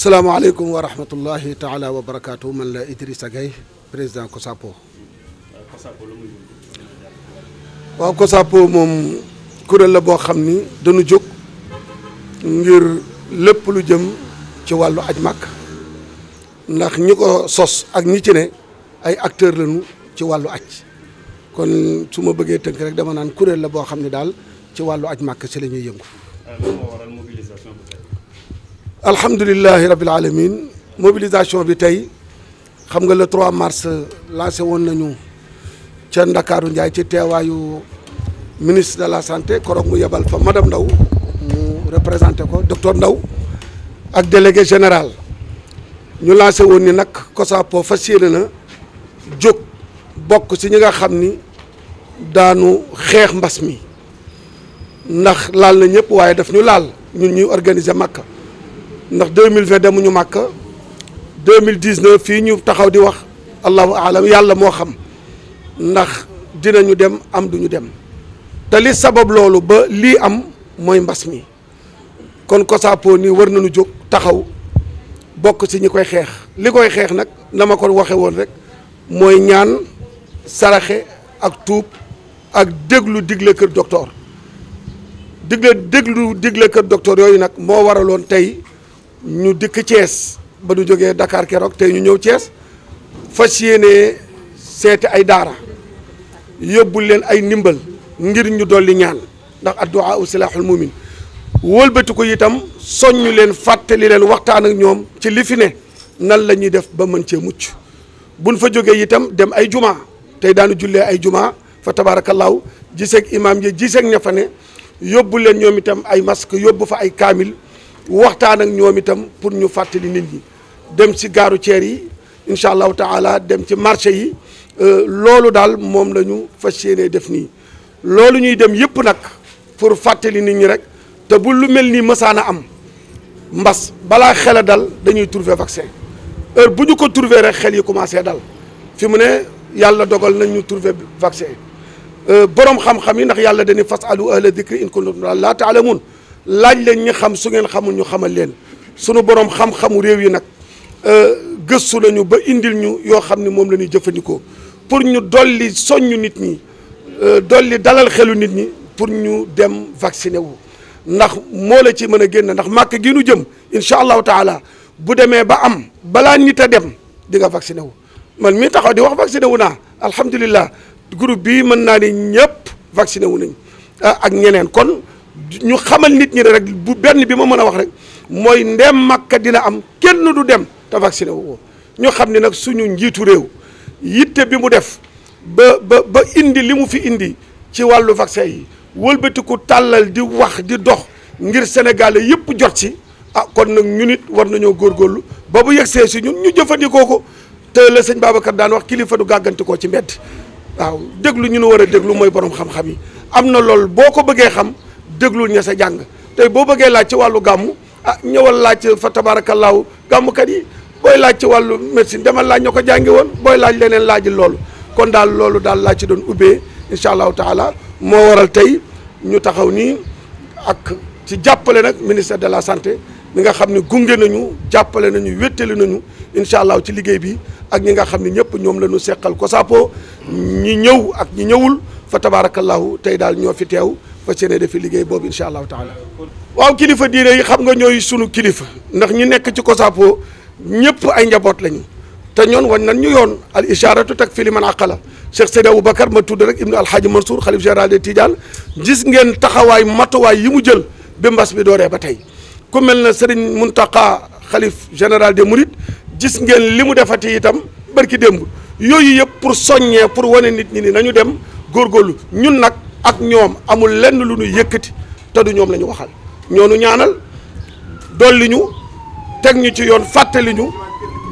السلام عليكم ورحمة الله تعالى وبركاته من لا إدريس أجاي بريزدان كوسابو كوسابو لمي كوسابو مم كورا لبو خمني دونو جوك نير لب لو جم جوالو أجمك ناخ نيكو سوس اك نيتيني اي اكتر لنو ci walu acc kon suma beugé teunk rek dama nan courel la bo xamni dal ci walu acc mak ci lañuy yëngu euh, الحمد لله رب العالمين موبيليزاسيون بي تاي خمغا لو 3 مارس لانسي وون نانيو تي داكارو نجاي تي تيوايو مينيستر دو لا سانتي كوروك مو يبال فا مدام داو مو ريبريزانتي كو دكتور داو اك ديليغي جينيرال ñu lancé won ni nak kosa po fasiyene na jog bok ci ñinga xamni daanu xex mbass mi ndax laal na ñepp waye daf ñu laal ñun ndax mille dem ñu 2020 demuñu Màkka 2019 fii ñu taxaw di wax allahu alam yàlla moo xam ndax dinañu dem am duñu dem te li sabab loolu ba lii am mooy mbas mi kon kosaapo nii war nañu jóg taxaw bokk ci ñi koy xeex li koy xeex nag na ma ko waxe woon rek mooy ñaan saraxe ak tuub ak déglu digle kër docteur digle déglu digle kër docteur yooyu nag moo waraloon tey ñu dikk Thiès ba du jógee dakaar keroog tey ñu ñëw cees fas yéene seeti ay daara yóbbu leen ay ndimbal ngir ñu dolli ñaan ndax addu'a u silaaxul mumin wëlbati ko itam soññu leen fàttali leen waxtaan ak ñoom ci li fi ne nan lañuy def ba mën cee mucc buñ fa jógee itam dem ay juma tey daanu jullee ay juma fa tabaarakallaahu giseeg imaam yi giseeg ña fa ne yóbbu leen ñoom itam ay masque yóbbu fa ay kaamil. waxtaan ak ñoom itam pour ñu fàttali nit ñi dem si gaaru ceer yi incha allahu taala dem ci marché yi euh, loolu daal moom la ñu fas def nii loolu ñuy dem yëpp nag pour fàttali nit ñi rek te bu lu mel nii mësaan a am mbas balaa xel dal dañuy trouver vaccin heure bu ñu ko trouver rek xel yi commencé dal fi mu ne yàlla dogal nañ ñu trouver vaccin euh, boroom xam-xam yi ndax yàlla dañuy fas alu ahla dikri in daal laa taalamuun laaj leen ñu xam su ngeen xamul ñu xamal leen sunu borom xam-xamu réew yi nag euh, gëstu nañu ba indil ñu yoo xam ne moom la ñuy jëfandikoo pour ñu dolli soññu nit ñi euh, dolli dalal xelu nit ñi pour ñu dem vacciné wu ndax moo la ci mën a génn ndax màkk gi nu jëm incha allahu taala bu demee ba am balaa nit a dem di nga vacciné wu man mii taxaw di wax vacciné wu naa alhamdulilah groupe bii mën naa ne ñëpp vacciné wu nañ ah, ak ñeneen kon. ñu xamal nit ñi rek bu benn bi ma mën a wax rek mooy ndem Makka dina am kenn du dem te vacciné wu ñu xam ne nag suñu njiitu réew yitte bi mu def ba ba indi li mu fi indi ci wàllu vaccin yi wëlbatiku tàllal di wax di dox ngir sénégalais yëpp jot si ah kon nag ñu it war nañoo góorgóorlu ba bu yegsee si ñun ñu jëfandikoo ko te la sëñ Babacar daan wax kilifa du gàggantikoo ci mbedd waaw déglu ñu nu war a déglu mooy borom xam-xam yi am na loolu boo ko bëggee xam. déglul ña sa jàng tey boo bëggee laaj ci wàllu gàmmu ah ñëwal laaj fa tabaarakallaahu gàmmukat yi booy laaj ci wàllu médecine demal laaj ña ko jàngi woon booy laaj leneen laajil loolu kon daal loolu daal laaj ci doon ubbee incha allahu taala moo waral tey ñu taxaw nii ak ci jàppale nag ministère de la santé mi nga xam ne gunge nañu jàppale nañu wéttali nañu incha allah ci liggéey bi ak ñi nga xam ne ñëpp ñoom la ñu seqal saapo ñi ñëw ak ñi ñëwul fa tabaarakallaahu tey daal ñoo fi teew fas yéene defi liggéey boobu incha allahu taala. waaw kilifa diine yi xam nga ñooy sunu kilifa ndax ñu nekk ci COSAPO ñëpp ay njaboot lañu te ñoon wañ nan ñu yoon al isharatu tak fi li man aqala Cheikh Seydi Aboubacar ma tudd rek ibnu alhaaji Mansour xalif général de Tidiane gis ngeen taxawaay matuwaay yi mu jël bi mbas bi dooree ba tey ku mel na Serigne Mountakha xalif général de Mouride gis ngeen li mu defati itam barki démb yooyu yëpp pour soññee pour wane nit ñi ni nañu dem góorgóorlu ak ñoom amul lenn lu ñu yëkkati te du ñoom la ñu waxal ñoonu ñaanal dolli ñu teg ñu ci yoon fàttali ñu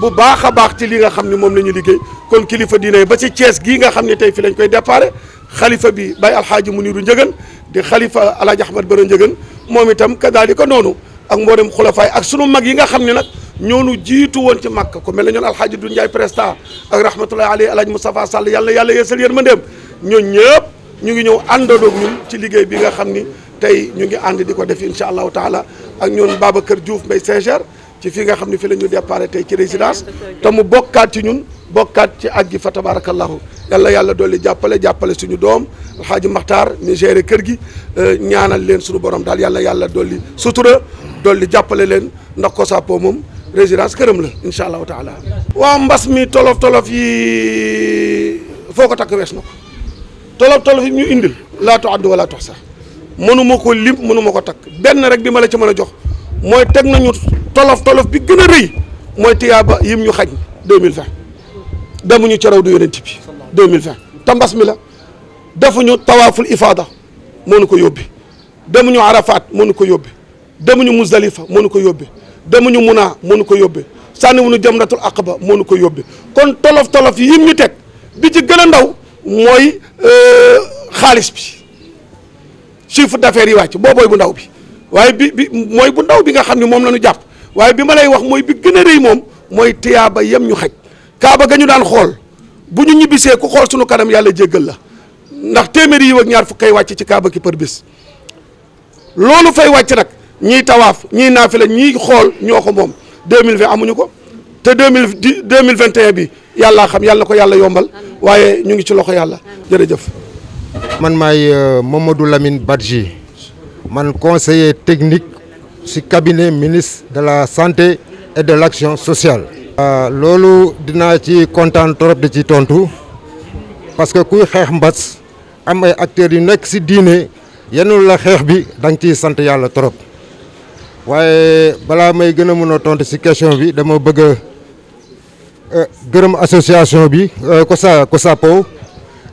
bu baax a baax ci li nga xam ne moom la ñu liggéey kon kilifa diine ba ci Thiès gii nga xam ne tey fi lañ koy déparé xalifa bi bay alxaaji Muniru Njëgan di xalifa alaaji Ahmad Bara Njëgan moom itam kadaalika noonu ak mboolem xulafaay ak sunu mag yi nga xam ne nag nu jiitu woon ci màkk ko mel ne ñoon alxaaji Doudou Ndiaye Presta ak rahmatullahi alayhi alaaji Moustapha Sall yàlla yàlla yeesal yërmandeem ñoo ñëpp ñu ngi ñëw àndandoog ñun ci liggéey bi nga xam ni tey ñu ngi ànd di ko def incha allahu taala ak ñun Babacar Diouf Mbaye Singer ci fi nga xam ni fi lañu ñu tey ci résidence te mu bokkaat ci ñun bokkaat ci ak gi fa tabarakallahu yàlla yàlla dolli jàppale jàppale suñu doom alxaaji maxtaar mi géré kër gi euh, ñaanal leen suñu borom daal yàlla yàlla dolli sutura dolli jàppale leen ndax ko sàppoo moom résidence këram la incha allahu taala waaw mbas mi tolof tolof yi foo ko takk tolof tolof yi ñu indil laa tuaddu wala tuxsa mënu mënuma ko lim mënuma ko takk benn rek bi ma la ci mën a jox mooy teg nañu tolof tolof bi gën a rëy mooy tiyaaba yim ñu xaj 2020 demuñu ca raw du yonent bi 2020 te mbas mi la defuñu tawaaful ifaada moo nu ko yóbbi demuñu arafaat moo nu ko yóbbi demuñu musdalifa moo nu ko yóbbi ñu munaa moo nu ko yóbbi sànniwuñu jamratul aqaba moo nu ko yóbbi kon tolof tolof yim ñu teg bi ci gën a ndaw mooy euh, xaalis bi chiffre d'affaires yi wàcc boobooy bu ndaw bi waaye bi bi mooy bu ndaw bi nga xam ne moom la jàpp waaye bi ma lay wax mooy bi gën a rëy moom mooy tiyaaba yem ñu xaj kaaba ga ñu daan xool bu ñu ñibbisee ku xool suñu kanam yàlla jéggal la ndax téeméeri yi ak ñaar fukk fukkay wàcc ci kaaba ki par bés loolu fay wàcc nag ñiy tawaaf ñiy naafila ñiy xool ñoo ko moom 2020 amuñu ko te deux vingt 2021 bi yalla xam yalla ko yalla yombal waaye ñu ngi ci loxo man may euh, Mamadou Lamine Badji man conseiller technique ci cabinet ministre de la santé et de l'action sociale euh, lolu dina ci content trop de ci tontu parce que kuy xex mbass am ay acteur yu nek ci diiné yenu la xex bi dang ci sante yalla trop waaye bala may gëna mëno tontu ci question bi dama bëgg Eh, gërëm association bi COSA eh, COSAPO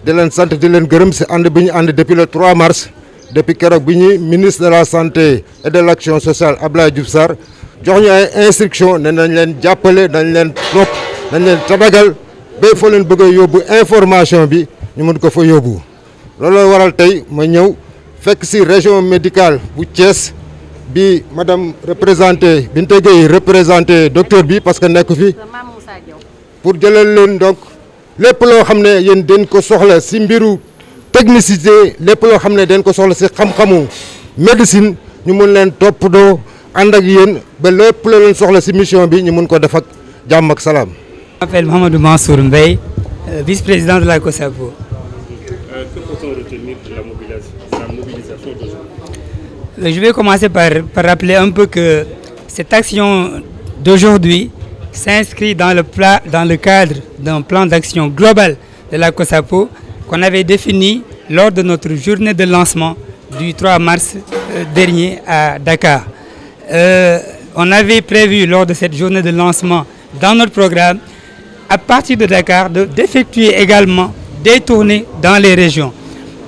di leen sant di leen gërëm si ànd bi ñu ànd depuis le 3 mars depuis keroog bi ministre de la santé et de l' action sociale Abdoulaye Diouf Sarr jox ñu ay instruction ne nañ leen jàppale dañ leen topp dañ leen tabagal bay fa leen bëgg a yóbbu information bi ñu mën ko fa yóbbu looloo waral tey ma ñëw fekk si région médicale bu Thiès bi madame représenté Binta Gueye représenté docteur bi parce que nekk fi pour jëlal leen donc lépp loo xam ne yéen dañ ko soxla si mbiru technicité lépp loo xam ne dañ ko soxla si xam-xamu médecine ñu mun leen toppatoo ànd ak yéen ba lépp loo leen soxla si mission bi ñu mën ko def ak jàmm ak salaam. Je m'appelle Mohamed Mansour Mbaye, euh, vice-président de la COSAPO. Euh, que peut-on retenir de la mobilisation, la mobilisation d'aujourd'hui Je vais commencer par, par rappeler un peu que cette action d'aujourd'hui s'inscrit dans, dans le, cadre d'un plan d'action global de la COSAPO qu'on avait défini lors de notre journée de lancement du 3 mars euh, dernier à Dakar. Euh, on avait prévu lors de cette journée de lancement dans notre programme, à partir de Dakar, d'effectuer également des tournées dans les régions,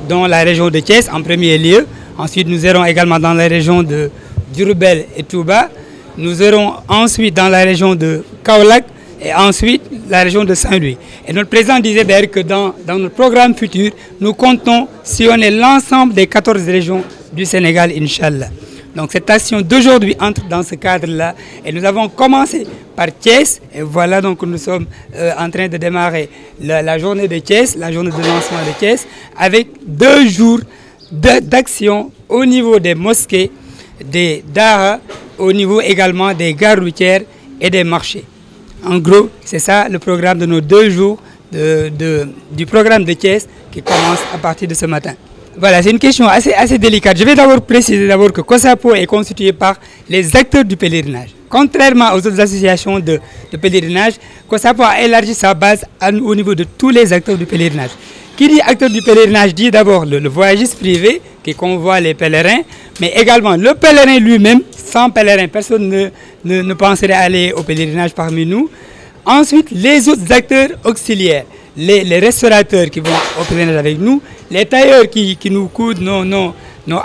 dont la région de Thiès en premier lieu. Ensuite, nous irons également dans les régions de Durbel et Touba. Nous irons ensuite dans la région de Kaolac et ensuite la région de Saint-Louis. Et notre président disait d'ailleurs que dans, notre programme futur, nous comptons sillonner l'ensemble des 14 régions du Sénégal, Inch'Allah. Donc cette action d'aujourd'hui entre dans ce cadre-là. Et nous avons commencé par Thiès. Et voilà, donc nous sommes euh, en train de démarrer la, journée de Thiès, la journée de lancement de Thiès, avec deux jours d'action au niveau des mosquées, des dahas au niveau également des gares routières et des marchés. En gros, c'est ça le programme de nos deux jours de, du programme de caisse qui commence à partir de ce matin. Voilà, c'est une question assez, assez délicate. Je vais d'abord préciser d'abord que COSAPO est constitué par les acteurs du pèlerinage. Contrairement aux autres associations de, de pèlerinage, COSAPO a élargi sa base à, au niveau de tous les acteurs du pèlerinage. Qui dit acteur du pèlerinage dit d'abord le, le voyagiste privé, qui convoient les pèlerins, mais également le pèlerin lui-même. Sans pèlerin, personne ne, ne, penserait aller au pèlerinage parmi nous. Ensuite, les autres acteurs auxiliaires. Les, restaurateurs qui vont au pèlerinage avec nous, les tailleurs qui, qui nous coudent nos, nos,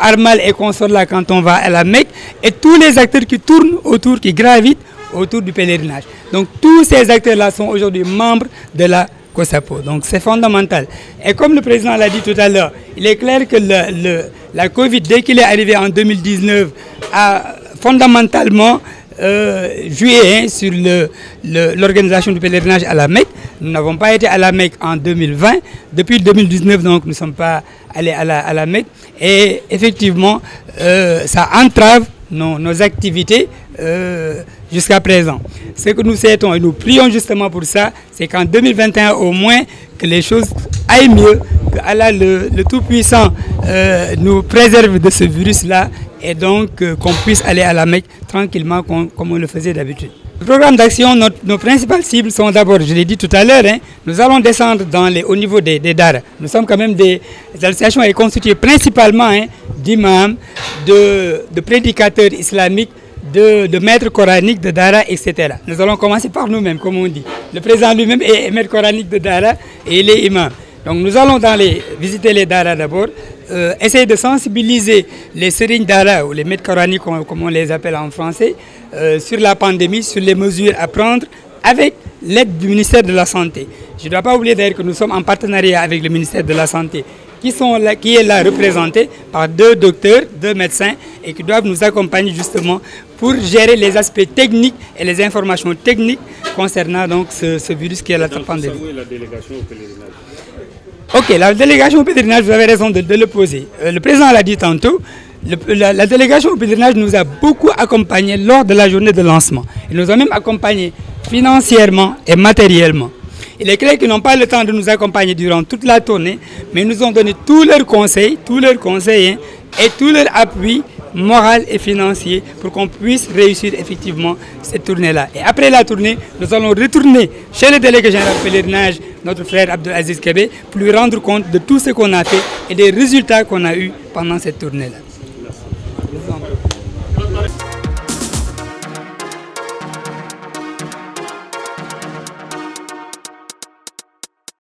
armales et consorts là quand on va à la Mecque, et tous les acteurs qui tournent autour, qui gravitent autour du pèlerinage. Donc tous ces acteurs-là sont aujourd'hui membres de la donc c'est fondamental. Et comme le président l'a dit tout à l'heure, il est clair que la Covid, dès qu'il est arrivé en 2019, a fondamentalement euh, joué hein, sur l'organisation du pèlerinage à la Mecque. Nous n'avons pas été à la Mecque en 2020. Depuis 2019, donc, nous ne sommes pas allés à la, la Mecque. Et effectivement, euh, ça entrave nos, activités. Euh, jusqu'à présent. Ce que nous souhaitons et nous prions justement pour ça, c'est qu'en 2021 au moins, que les choses aillent mieux, que Allah le, Tout-Puissant euh, nous préserve de ce virus-là et donc euh, qu'on puisse aller à la Mecque tranquillement comme, on le faisait d'habitude. Le programme d'action, nos principales cibles sont d'abord, je l'ai dit tout à l'heure, hein, nous allons descendre dans les, au niveau des, des Nous sommes quand même des, associations constituées principalement hein, d'imams, de, de prédicateurs islamiques, de, maîtres coraniques, de Dara, etc. Nous allons commencer par nous-mêmes, comme on dit. Le président lui-même est maître coranique de Dara et il est imam. Donc nous allons dans les, visiter les Dara d'abord, euh, essayer de sensibiliser les serines Dara, ou les maîtres coraniques, comme, on les appelle en français, euh, sur la pandémie, sur les mesures à prendre avec l'aide du ministère de la Santé. Je ne dois pas oublier d'ailleurs que nous sommes en partenariat avec le ministère de la Santé qui, sont qui est là représentée par deux docteurs, deux médecins et qui doivent nous accompagner justement pour gérer les aspects techniques et les informations techniques concernant donc ce, virus qui est la pandémie. la délégation au Ok, la délégation au pèlerinage, vous avez raison de, le poser. Euh, le président l'a dit tantôt, la, délégation au pèlerinage nous a beaucoup accompagnés lors de la journée de lancement. Il nous a même accompagnés financièrement et matériellement. Les est n'ont pas le temps de nous accompagner durant toute la tournée, mais nous ont donné tous leurs conseils, tous leurs conseils et tout leur appui moral et financier pour qu'on puisse réussir effectivement cette tournée-là. Et après la tournée, nous allons retourner chez le délégué général pèlerinage, notre frère Abdelaziz Kébé, pour lui rendre compte de tout ce qu'on a fait et des résultats qu'on a eus pendant cette tournée-là.